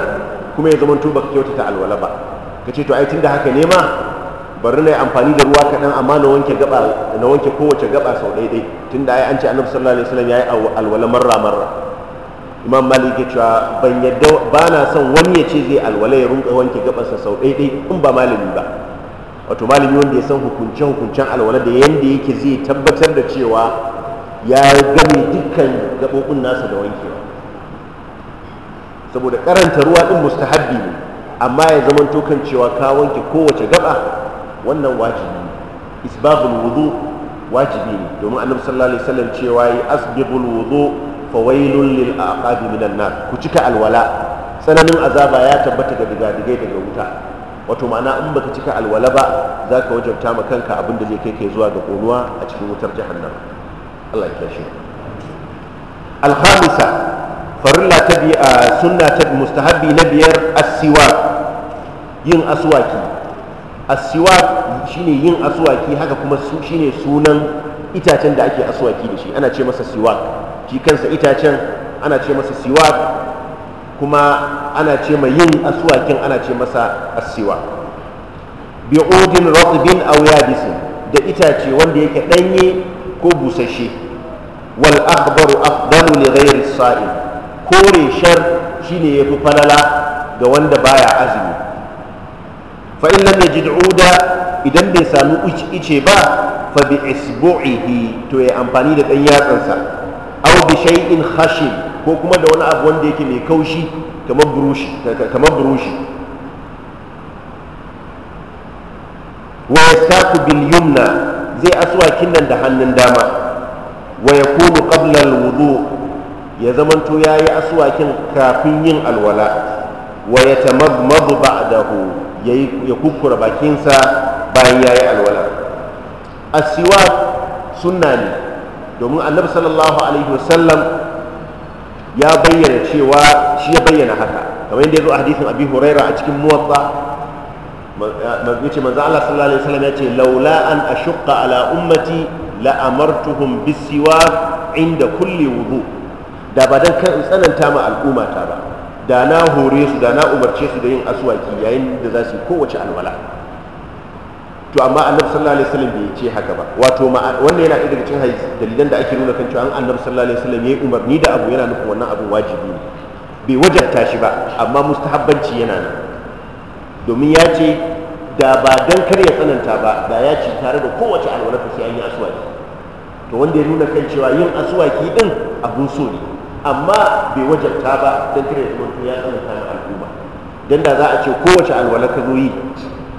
kuma ya zamanto ba baka kyautata alwala ba ka ce to ai da haka ne ma bari na yi amfani da ruwa kaɗan amma na wanke gaba na wanke kowace gaba sau ɗai-ɗai, tun da ya an ce annabi sallallahu alaihi wasallam ya yi alwala marra marra imam malik ya cewa ban yadda ba na son wani ya ce zai alwala ya rinka wanke gabansa sau ɗai-ɗai, in ba malami ba wato malami wanda ya san hukuncen hukuncen alwala da yanda yake zai tabbatar da cewa ya gane dukkan gabobin nasa da wankewa saboda karanta ruwa ɗin mustahabbi ne amma ya zama tokan cewa ka wanke kowace gaba wannan wajibi isbabul wudu wajibi ne domin annabi sallallahu alaihi wasallam cewa yi asbighul wudu fawailun lil aqabi minan nar ku cika alwala tsananin azaba ya tabbata ga digadigai daga wuta wato ma'ana in baka cika alwala ba za ka wajabta ma kanka abin da zai kai kai zuwa ga ƙonuwa a cikin wutar jahannama Allah ya kashe alhamisa farilla ta biya sunna ta mustahabbi na biyar asiwa yin aswaki asiwak shine yin asuwaki haka kuma shine sunan itacen da ake asuwaki da shi ana ce masa siwak shi kansa itacen ana ce masa siwak kuma ana ce mai yin asuwakin ana ce masa asiwa bi udin rasbin aw yabisin da itace wanda yake danye ko busasshe wal akhbaru afdalu li ghairi sa'im kore shar shine yafi falala ga wanda baya azumi fa in lam yajid uda idan bai samu ice ba fa bi isbu'ihi to ya amfani da dan yatsansa aw bi shay'in khashin ko kuma da wani abu wanda yake mai kaushi kamar burushi kamar burushi wa yasaku bil yumna zai aswakin nan da hannun dama wa yakunu qabla al wudu ya zamanto yayi aswakin kafin yin alwala wa yatamammadu ba'dahu ya kukkura bakinsa bayan ya yi alwala siwa sunna ne domin annabi sallallahu alaihi wasallam ya bayyana cewa shi ya bayyana haka kamar yadda ya zo a hadisin abi huraira a cikin muwatsa yace manzo Allah sallallahu alaihi wasallam ce laula an ashqa ala ummati la amartuhum inda kulli wudu da ba dan kan tsananta ma al'ummata ba da na hore su da na umarce su da yin aswaki yayin da za su yi kowace alwala to amma annabi sallallahu alaihi wasallam bai ce haka ba wato wannan yana daga cikin dalilan da ake nuna kan cewa annabi sallallahu alaihi wasallam yayi umarni da abu yana nufin wannan abu wajibi ne bai wajabta shi ba amma mustahabbanci yana nan domin ya ce da ba dan kar ya tsananta ba da ya ce tare da kowace alwala sai an yi aswaki to wanda ya nuna kan cewa yin aswaki din abun so ne amma bai wajabta ba don kare da mutum ya tsananta ma al'umma don da za a ce kowace alwala ka zo yi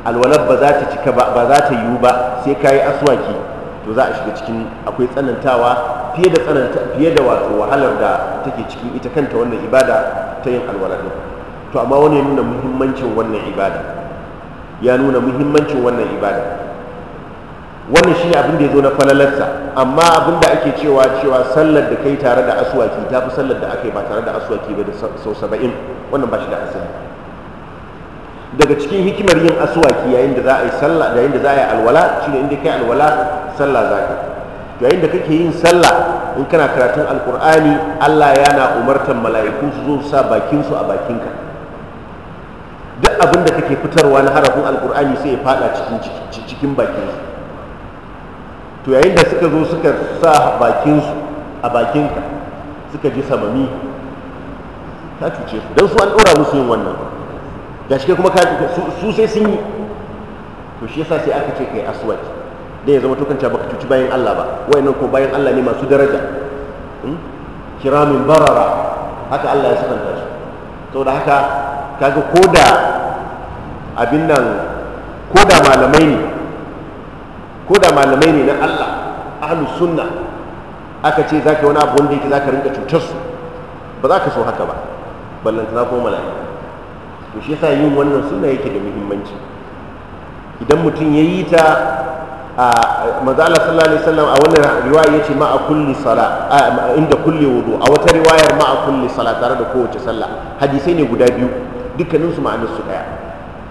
alwalar ba za ta cika ba ba za ta yiwu ba sai ka yi aswaki to za a shiga cikin akwai tsanantawa fiye da tsananta fiye da wato wahalar da take cikin ita kanta wannan ibada ta yin alwala din to amma wani ya nuna muhimmancin wannan ibada ya nuna muhimmancin wannan ibada wannan shine abin da ya zo na falalarsa amma abin da ake cewa cewa sallar da kai tare da aswaki ta fi sallar da aka yi ba tare da aswaki ba da sau saba'in wannan ba shi da asali daga cikin hikimar yin aswaki yayin da za a yi sallah yayin da za a yi alwala ne inda kai alwala sallah za ka yayin da kake yin sallah in kana karatun alkur'ani allah yana umartar mala'iku su zo su sa bakinsu a bakinka duk abin da kake fitarwa na harafin alkur'ani sai ya fada cikin cikin bakinsu to yayin da suka zo suka sa bakinsu a bakinka suka ji samami ka cuce su don su an ɗora musu yin wannan ga shi kuma su sai sun yi to shi yasa sai aka ce kai aswad da ya zama tukanta baka cuci bayan Allah ba wayannan ko bayan Allah ne masu daraja hmm? kiramin barara haka Allah ya sakanta su saboda haka kaga koda abin nan koda malamai ne ko da malamai ne na Allah ahlus sunna aka ce za ka wani abu wanda yake za ka rinka cutar su ba za ka so haka ba ballan ta ko mala'ika to shi yasa yin wannan sunna yake da muhimmanci idan mutum ya yi ta a mazala sallallahu alaihi wasallam a wannan riwaya yace ma a kulli sala inda kulli wudu a wata riwayar ma a kulli sala tare da kowace sallah hadisai ne guda biyu dukkanin su ma'anar su daya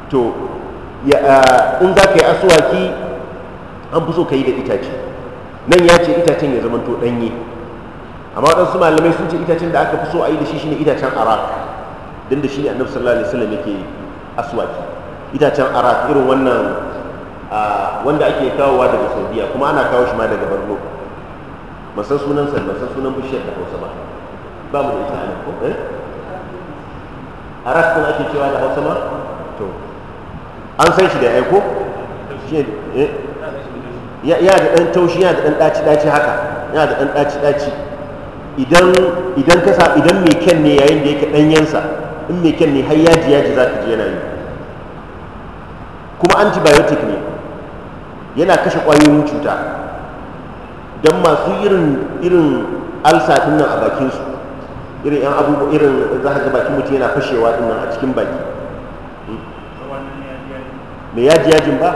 to in za ka yi asuwaki. an fi so ka yi da itace nan ya ce itacen ya to ɗanye amma waɗansu malamai sun ce itacen da aka fi so a yi da shi shine itacen arak don da shi ne annabi sallallahu alaihi wasallam yake aswaki itacen arak irin wannan wanda ake kawowa daga saudiya kuma ana kawo shi ma daga barno masan sunan sa masan sunan bishiyar da hausa ba ba mu da ita a ko eh arak kuma ake cewa da hausa ma to an san shi da aiko shi eh ya da ɗan taushi yana da ɗan ɗaci-ɗaci haka yana da ɗan ɗaci-ɗaci idan ka sa idan mai ken ne yayin da yake ɗanyensa in mai ken ne har yaji yaji za ka ji yana yi kuma antibiotic ne yana kashe ƙwayoyin cuta don masu irin irin alsa ɗin nan a bakinsu irin yan abubuwa irin za ka ga bakin mutum yana fashewa ɗin nan a cikin baki hmm. mai yaji yajin ba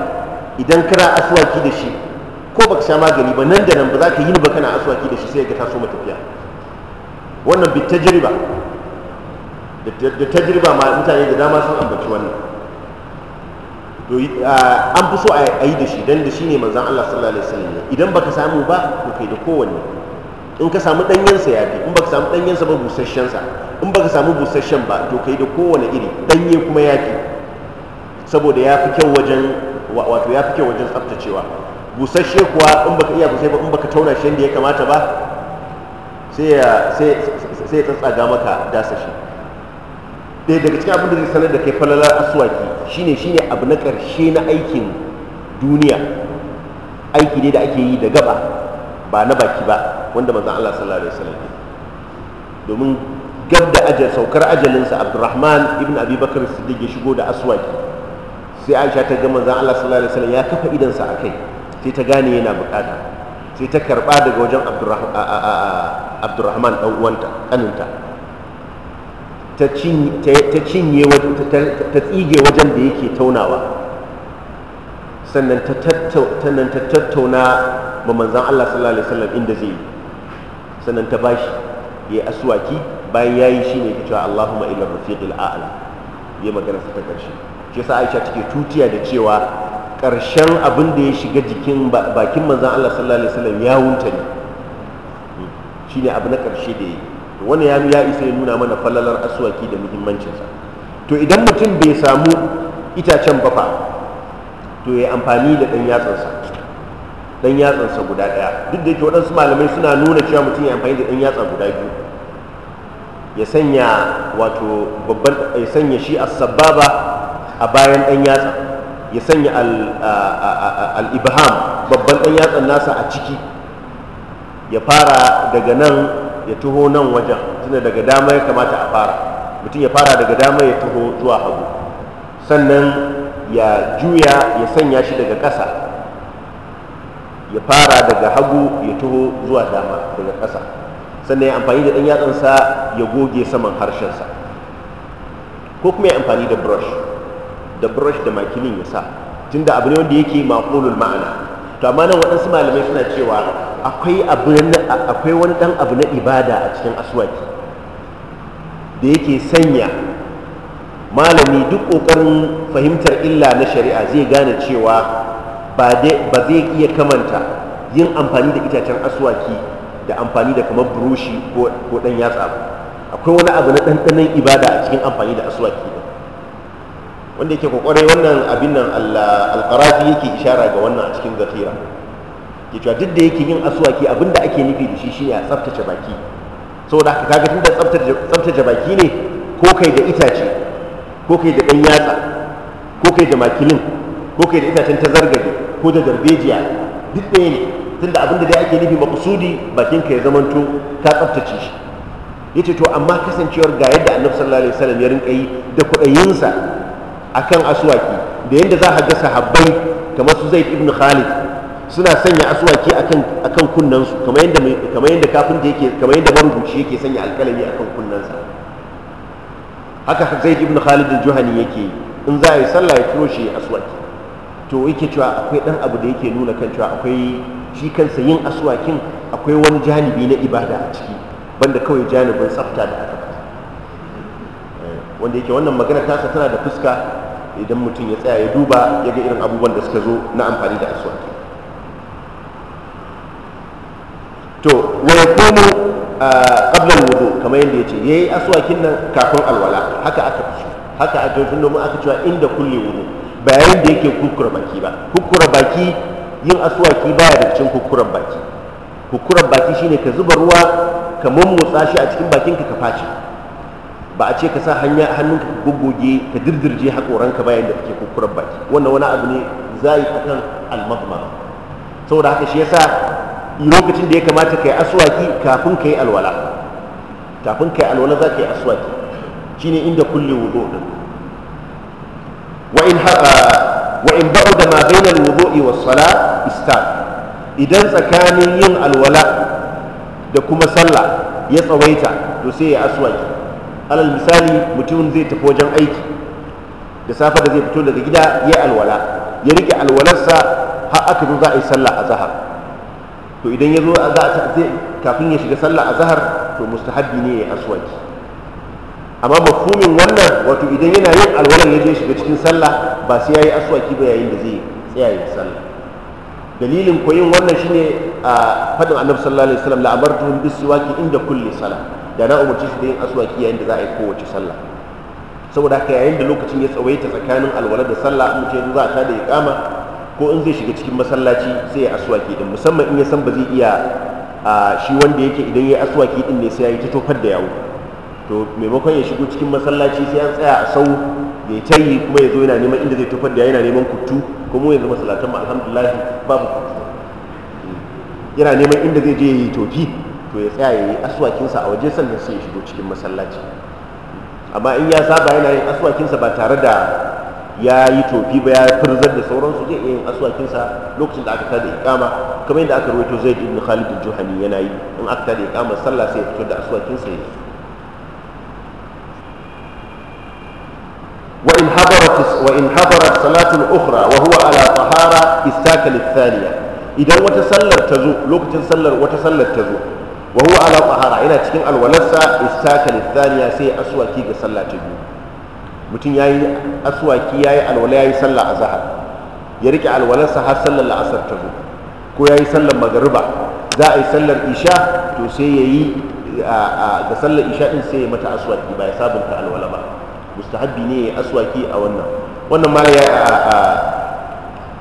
idan kana aswaki da shi ko baka sha magani ba nan da nan ba za ka yi ba kana aswaki da shi sai ka taso matafiya wannan bi tajriba da tajriba ma mutane da dama sun ambaci wannan to an fi so a yi da shi dan da shi ne manzon Allah sallallahu alaihi wasallam idan baka samu ba to kai da kowanne in ka samu danyen sa yafi in baka samu danyen sa ba busasshen sa in baka samu busasshen ba to kai da kowane iri danye kuma yafi saboda ya fi kyau wajen wato ya fi kyau wajen tsaftacewa busasshe kuwa in baka iya busai ba in baka tauna shi yadda ya kamata ba sai ya sai tsatsaga maka dasa shi ɗaya daga cikin abin da zai sanar da kai falalar aswaki shine shine abu na ƙarshe na aikin duniya aiki ne da ake yi da gaba ba na baki ba wanda manzon Allah sallallahu alaihi wasallam domin gab da ajal saukar ajalinsa Abdurrahman ibn Abi Bakar Siddiq ya shigo da aswaki sai Aisha ta ga manzon Allah sallallahu alaihi wasallam ya kafa idansa akai sai ta gane yana bukata sai ta karba daga wajen abdurrahman dan uwanta kaninta ta cinye ta tsige wajen da yake taunawa sannan ta tattauna ma manzan Allah sallallahu alaihi wasallam inda zai yi sannan ta bashi ya aswaki bayan yayi shine yake cewa Allahumma ila rafiqil a'la ya magana ta karshe shi yasa Aisha take tutiya da cewa ƙarshen abin da ya shiga jikin bakin manzan Allah sallallahu alaihi wasallam ya wunta ne shine abu na ƙarshe da yi wani ya ya isa ya nuna mana falalar aswaki da muhimmancinsa to idan mutum bai samu itacen bafa to ya amfani da ɗan yatsansa ɗan yatsansa guda ɗaya duk da yake waɗansu malamai suna nuna cewa mutum ya amfani da ɗan yatsa guda biyu ya sanya wato babban ya sanya shi a sababa a bayan ɗan yatsa ya sanya al-ibham babban ɗan yatsan nasa a ciki ya fara daga nan ya tuho nan wajen tunda daga dama ya kamata a fara mutum ya fara daga dama ya tuho zuwa hagu sannan ya juya ya sanya shi daga ƙasa ya fara daga hagu ya tuho zuwa dama daga ƙasa sannan ya amfani da ɗan yatsansa ya goge saman harshensa ko kuma ya amfani da brush da brush da makilin ya sa tunda abu ne wanda yake maqulul ma'ana to amma nan waɗansu malamai suna cewa akwai wani ɗan abu na ibada a cikin aswaki da yake sanya malami duk ƙoƙarin fahimtar illa na shari'a zai gane cewa ba zai iya kamanta yin amfani da itacen aswaki da amfani da kamar burushi ko ɗan yatsa akwai wani abu na ɗanɗanon ibada a cikin amfani da aswaki wanda yake kokore wannan abin nan alqarafi yake ishara ga wannan a cikin zakira ke cewa duk da yake yin asuwaki abin da ake nufi da shi shine a tsaftace baki saboda haka kaga tunda tsaftace baki ne ko kai da itace ko kai da ɗan yatsa ko kai da makilin ko kai da itacen tazargade ko da darbejiya duk ɗaya ne tunda abin da dai ake nufi makusudi bakinka ya zamanto ka tsaftace shi yace to amma kasancewar ga yadda annabi sallallahu alaihi wasallam ya rinka yi da kudayinsa. akan aswaki da yadda za a ga sahabbai kamar su zaid ibn khalid suna sanya aswaki akan akan kunnansu kamar yadda kamar yadda kafin da yake kamar yadda marubuci yake sanya alkalami akan kunnansa haka zaid ibn khalid al-juhani yake in za a yi sallah ya turo shi aswaki to yake cewa akwai dan abu da yake nuna kan cewa akwai shi kansa yin aswakin akwai wani janibi na ibada a ciki banda kawai janibin tsafta da aka wanda yake wannan magana tasa tana da fuska idan mutum ya tsaya ya duba ya ga irin abubuwan da suka zo na amfani da aswaki to wa yakumu ah, qabla wudu kamar yadda yace yayi aswakin nan kafin alwala haka aka fi haka aka tun domin aka cewa inda kulle wudu ba yayin da yake kukura baki ba kukura baki yin aswaki baya da cikin kukuran baki kukura baki shine ka zuba ruwa ka mummutsa shi a cikin bakinka ka face ba a ce ka sa hanya hannunka ka goggoge ka dirdirje haƙoranka bayan da kake kukurar baki wannan wani abu ne zai akan almadma saboda haka shi yasa lokacin da ya kamata ka yi aswaki kafin ka yi alwala kafin ka yi alwala za ka yi aswaki shine inda kulle wudu din wa in ah, wa in ba'da ma bayna al-wudu'i was-salah istar idan tsakanin yin alwala da kuma sallah ya tsawaita to sai ya aswaki alal misali mutum zai tafi wajen aiki da safe da zai fito daga gida ya alwala ya rike alwalarsa har aka zo za a yi sallah a zahar to idan ya zo za a kafin ya shiga sallah a zahar to mustahabbi ne ya aswaki amma mafhumin wannan wato idan yana yin alwalar ya je shiga cikin sallah ba sai ya yi aswaki ba yayin da zai tsaya yin sallah dalilin koyin wannan shine a faɗin annabi sallallahu alaihi wasallam la'amartuhum bis siwaki inda kulli salah da na umarci shi da yin aswaki yayin da za a yi kowace sallah saboda haka yayin da lokacin ya tsawaita tsakanin alwala da sallah in mutum za a tada ya kama ko in zai shiga cikin masallaci sai ya aswaki din musamman in ya san ba zai iya shi wanda yake idan ya aswaki din ne sai ya yi ta tofar da yawo to maimakon ya shigo cikin masallaci sai an tsaya a sau ya yi tayi kuma ya zo yana neman inda zai tofar da yana neman kuttu ko kuma yanzu masallatan mu alhamdulillah babu kuttu yana neman inda zai je ya yi tofi to ya tsaya ya yi aswakinsa a waje sannan sai ya shigo cikin masallaci amma in ya saba yana yin aswakinsa ba tare da ya yi tofi ba ya firzar da sauransu zai iya yin aswakinsa lokacin da aka tada ikama kamar yadda aka rawaito zai ibn khalid al-juhani yana yi in aka tada ikama sallah sai ya fito da aswakinsa ya yi. وإن حضرت وإن حضرت صلاة أخرى وهو على طهارة استاك للثانية إذا وتسلل تزو لوكتن سلر وتسلل تزو wa huwa ala tahara yana cikin alwalarsa istaka lithaniya sai aswaki ga sallah ta biyu mutum yayi aswaki yayi alwala yayi sallah azhar ya rike alwalarsa har sallar la'asar ta zo ko yayi sallar magariba za a yi sallar isha to sai yayi ga sallar isha din sai ya mata aswaki ba ya sabunta alwala ba mustahabbi ne yayi aswaki a wannan wannan ma ya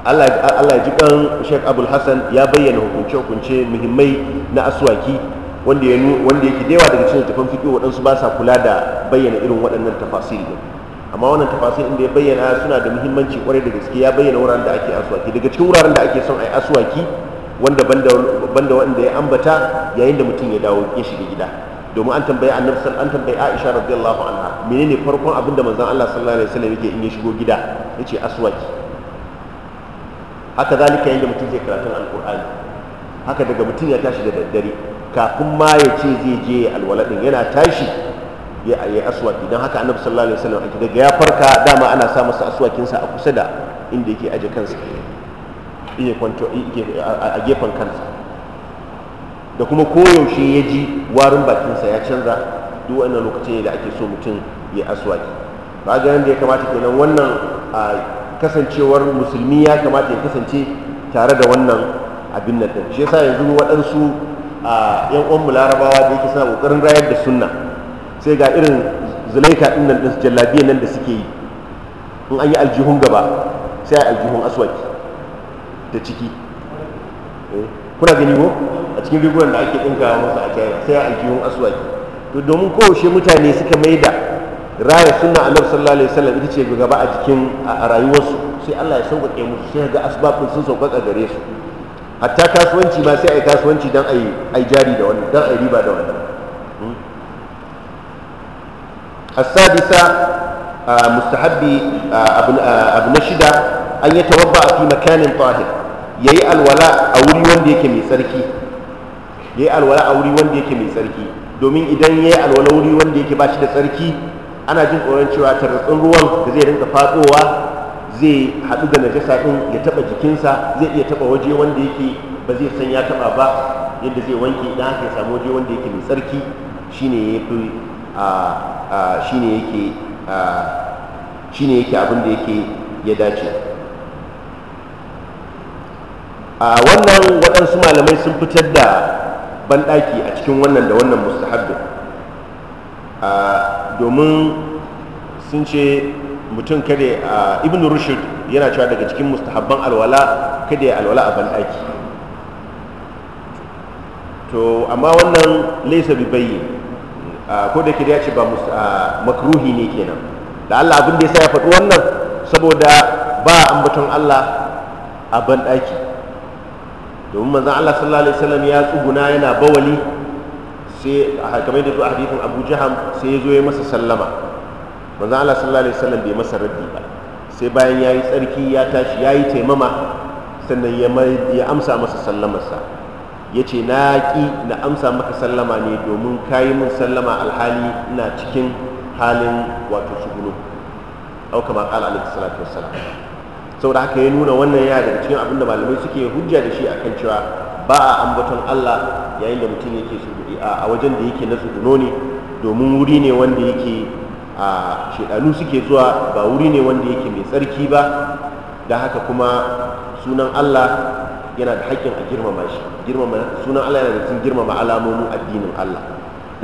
Allah ji kan Sheikh Abul Hassan ya bayyana hukunce-hukunce muhimmai na aswaki wanda ya wanda yake dewa daga cikin tafan fiqh waɗansu ba sa kula da bayyana irin waɗannan tafasiri din amma wannan tafasir da ya bayyana suna da muhimmanci kwarai da gaske ya bayyana wuraren da ake aswaki daga cikin wuraren da ake son a yi aswaki wanda banda banda wanda ya ambata yayin da mutum ya dawo ya shiga gida domin an tambayi annabi an tambayi Aisha radiyallahu anha menene farkon abin da manzon Allah sallallahu alaihi wasallam yake in ya shigo gida yace aswaki haka zalika yayin da mutum zai karatun alqur'ani haka daga mutum ya tashi da daddare kafin ma ya ce zai je alwala yana tashi ya yi aswaki don haka annabi sallallahu alaihi wasallam ake daga ya farka dama ana sa masa aswakinsa a kusa da inda yake aje kansa iya kwanto a gefen kansa da kuma koyaushe ya ji warin bakinsa ya canza duk wannan lokacin ne da ake so mutum ya aswaki ba ga yadda ya kamata kenan wannan kasancewar musulmi ya kamata ya kasance tare da wannan abin nan shi yasa yanzu waɗansu a yan uwan mu larabawa da yake suna kokarin rayar da sunna sai ga irin zulaika din nan da jallabiya nan da suke yi in an yi aljihun gaba sai aljihun aswad da ciki eh, kuna gani ko a cikin rigunan da ake dinka musu a kai sai aljihun aswad to domin kowace mutane suka maida rayar sunna annabi sallallahu alaihi wasallam ita ce gaba a jikin a rayuwarsu sai Allah ya sauƙaƙe musu sai ga asbabin sun sauƙaƙa gare su hatta kasuwanci ma sai a yi kasuwanci don a yi jari da wani, don a yi riba da wani. wannan hmm? asadisa a mustahabbi abu na shida an yi tawabba a fi makanin tahir ya yi alwala a wuri wanda yake mai tsarki ya yi alwala a wuri wanda yake mai tsarki domin idan ya yi alwala wuri wanda yake ba shi da tsarki ana jin tsoron cewa tarzatsin ruwan da zai rinka fadowa zai haɗu da najasa ɗin ya taɓa jikinsa zai iya taɓa waje wanda yake ba zai san ya taɓa ba yadda zai wanke idan ya samu waje wanda yake mai tsarki shine ya fi yake abin da yake ya dace a wannan waɗansu malamai sun fitar da banɗaki a cikin wannan da wannan mustahabbin domin sun ce mutum kada a ibn rushd yana cewa daga cikin mustahabban alwala kada ya alwala a banɗaki to amma wannan laisa bi ko da ce ba makruhi ne kenan da Allah abin da ya ya faɗi wannan saboda ba ambaton Allah a banɗaki domin manzan Allah sallallahu alaihi wasallam ya tsuguna yana bawali sai kamar da zuwa hadithin Abu Jaham sai ya zo ya masa sallama manzon Allah sallallahu alaihi wasallam bai masa raddi ba sai bayan yayi tsarki ya tashi yayi taimama sannan ya amsa masa sallamar ya ce na na amsa maka sallama ne domin kayi min sallama alhali ina cikin halin wato shugulu au kama qala alaihi salatu wassalam saboda haka ya nuna wannan ya daga cikin abinda malamai suke hujja da shi akan cewa ba a ambaton Allah yayin da mutum yake shugudi a wajen da yake na sujuno ne domin wuri ne wanda yake a shaidanu suke zuwa ba wuri ne wanda yake mai tsarki ba da haka kuma sunan Allah yana da haƙƙin a girmama shi girmama sunan Allah yana da cikin girmama alamomin addinin Allah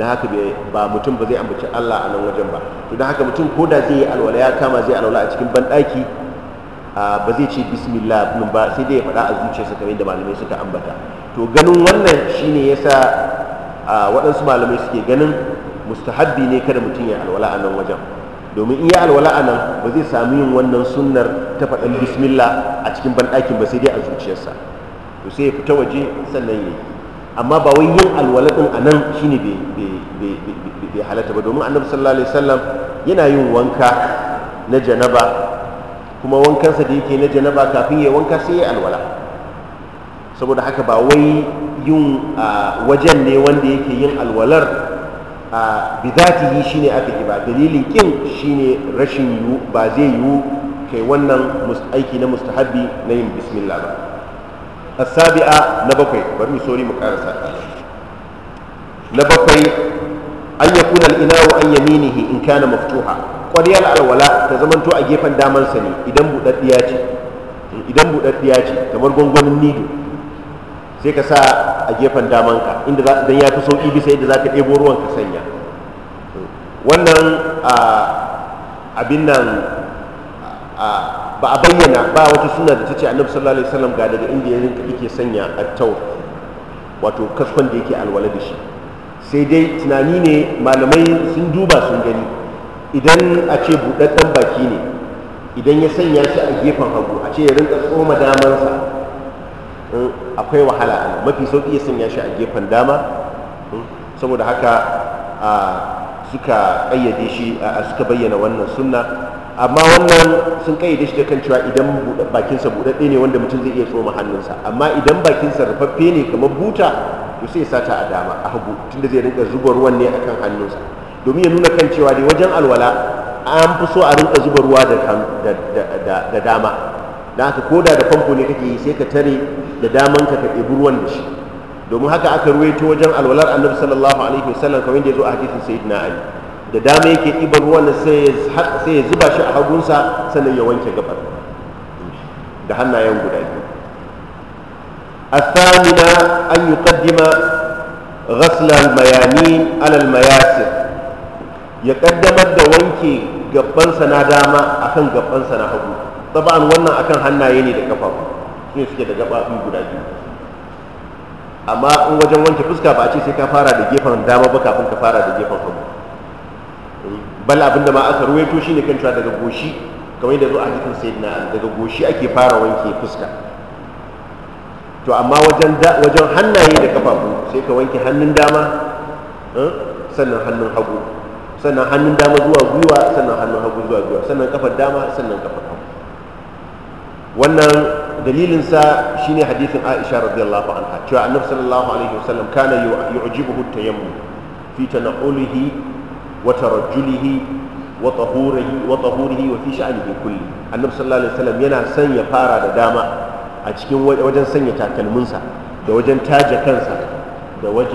da haka ba mutum ba zai ambaci Allah a nan wajen ba to da haka mutum ko da zai yi alwala ya kama zai alwala a cikin banɗaki ba zai ce bismillah nun ba sai dai ya faɗa a zuciyarsa kamar yadda malamai suka ambata to ganin wannan shine yasa waɗansu malamai suke ganin mustahabbi ne kada mutum ya alwala a nan wajen domin in ya alwala a nan ba zai samu yin wannan sunnar ta faɗin bismillah a cikin banɗakin ba sai dai a zuciyarsa to sai ya fita waje sannan ya yi amma ba wai yin alwala ɗin a nan shi ne bai halatta ba domin annabi sallallahu alaihi wasallam yana yin wanka na janaba kuma wankansa da yake na janaba kafin ya wanka sai ya alwala saboda haka ba wai yin ah, wajen ne wanda yake yin alwalar a bidatihi shine aka ki ba dalilin kin shine rashin yiwu ba zai yiwu kai wannan aiki na mustahabbi na yin bismillah ba asabi'a na bakwai bari mu sori mu karasa na bakwai an yakuna al-ina'u an yaminihi in kana maftuha ƙwariyar alwala ta zamanto a gefen damansa ne idan buɗaɗɗiya ce idan buɗaɗɗiya ce kamar gwangwanin nido sai ka sa a gefen damanka inda dan ya fi sauki bisa yadda za ka ɗebo ruwan ka sanya wannan abin nan ba a bayyana ba wata suna da ta ce annabi sallallahu alaihi wasallam ga daga inda yanzu yake sanya attaur wato kaskon da yake alwala da shi sai dai tunani ne malamai sun duba sun gani idan a ce buɗaɗɗen baki ne idan ya sanya shi a gefen hagu a ce ya rinka tsoma damansa akwai wahala a mafi sauki ya sanya shi a gefen dama hmm, saboda haka suka ƙayyade shi a suka bayyana wannan sunna amma wannan sun ƙayyade shi da kan cewa idan bakinsa buɗaɗɗe ne wanda mutum zai iya tsoma hannunsa amma idan bakinsa rufaffe ne kamar buta to sai ya sata a dama a hagu tunda zai rinka zuba ruwan ne akan hannunsa domin ya nuna kan cewa dai wajen alwala an fi so a rinka zuba ruwa da dama da haka koda da famfo ne kake yi sai ka tare da daman ka ka ruwan da shi domin haka aka ruwaito wajen alwalar annabi sallallahu alaihi wasallam kamar yadda ya zo a hadisin sayyidina ali da dama yake ɗiban ruwan sai ya zuba shi a hagunsa sannan ya wanke gabar da hannayen guda biyu الثامنة أن يقدم غسل الميامين على المياسر يقدم الدوانكي قبل سنة داما أكن قبل سنة حبوب taba'an wannan akan hannaye ne da kafafu su ne suke da gaɓaɓi guda biyu amma in wajen wanke fuska ba a ce sai ka fara da gefen dama ba kafin ka fara da gefen hagu bal abinda ma aka ruwaito shine kan cewa daga goshi kamar yadda zo a jikin sai na daga goshi ake fara wanke fuska to amma wajen wajen hannaye da kafafu sai ka wanke hannun dama eh, sannan hannun hagu sannan hannun dama zuwa gwiwa sannan hannun hagu zuwa gwiwa sannan kafar dama sannan kafar wannan dalilinsa shine hadithin aisha radiyallahu anha cewa annabi sallallahu alaihi wasallam kana yu'jibuhu tayammum fi wa wa tahurihi wa tahurihi wa fi kulli annabi sallallahu alaihi wasallam yana son ya fara da dama a cikin wajen sanya takalminsa da wajen taje kansa da wajen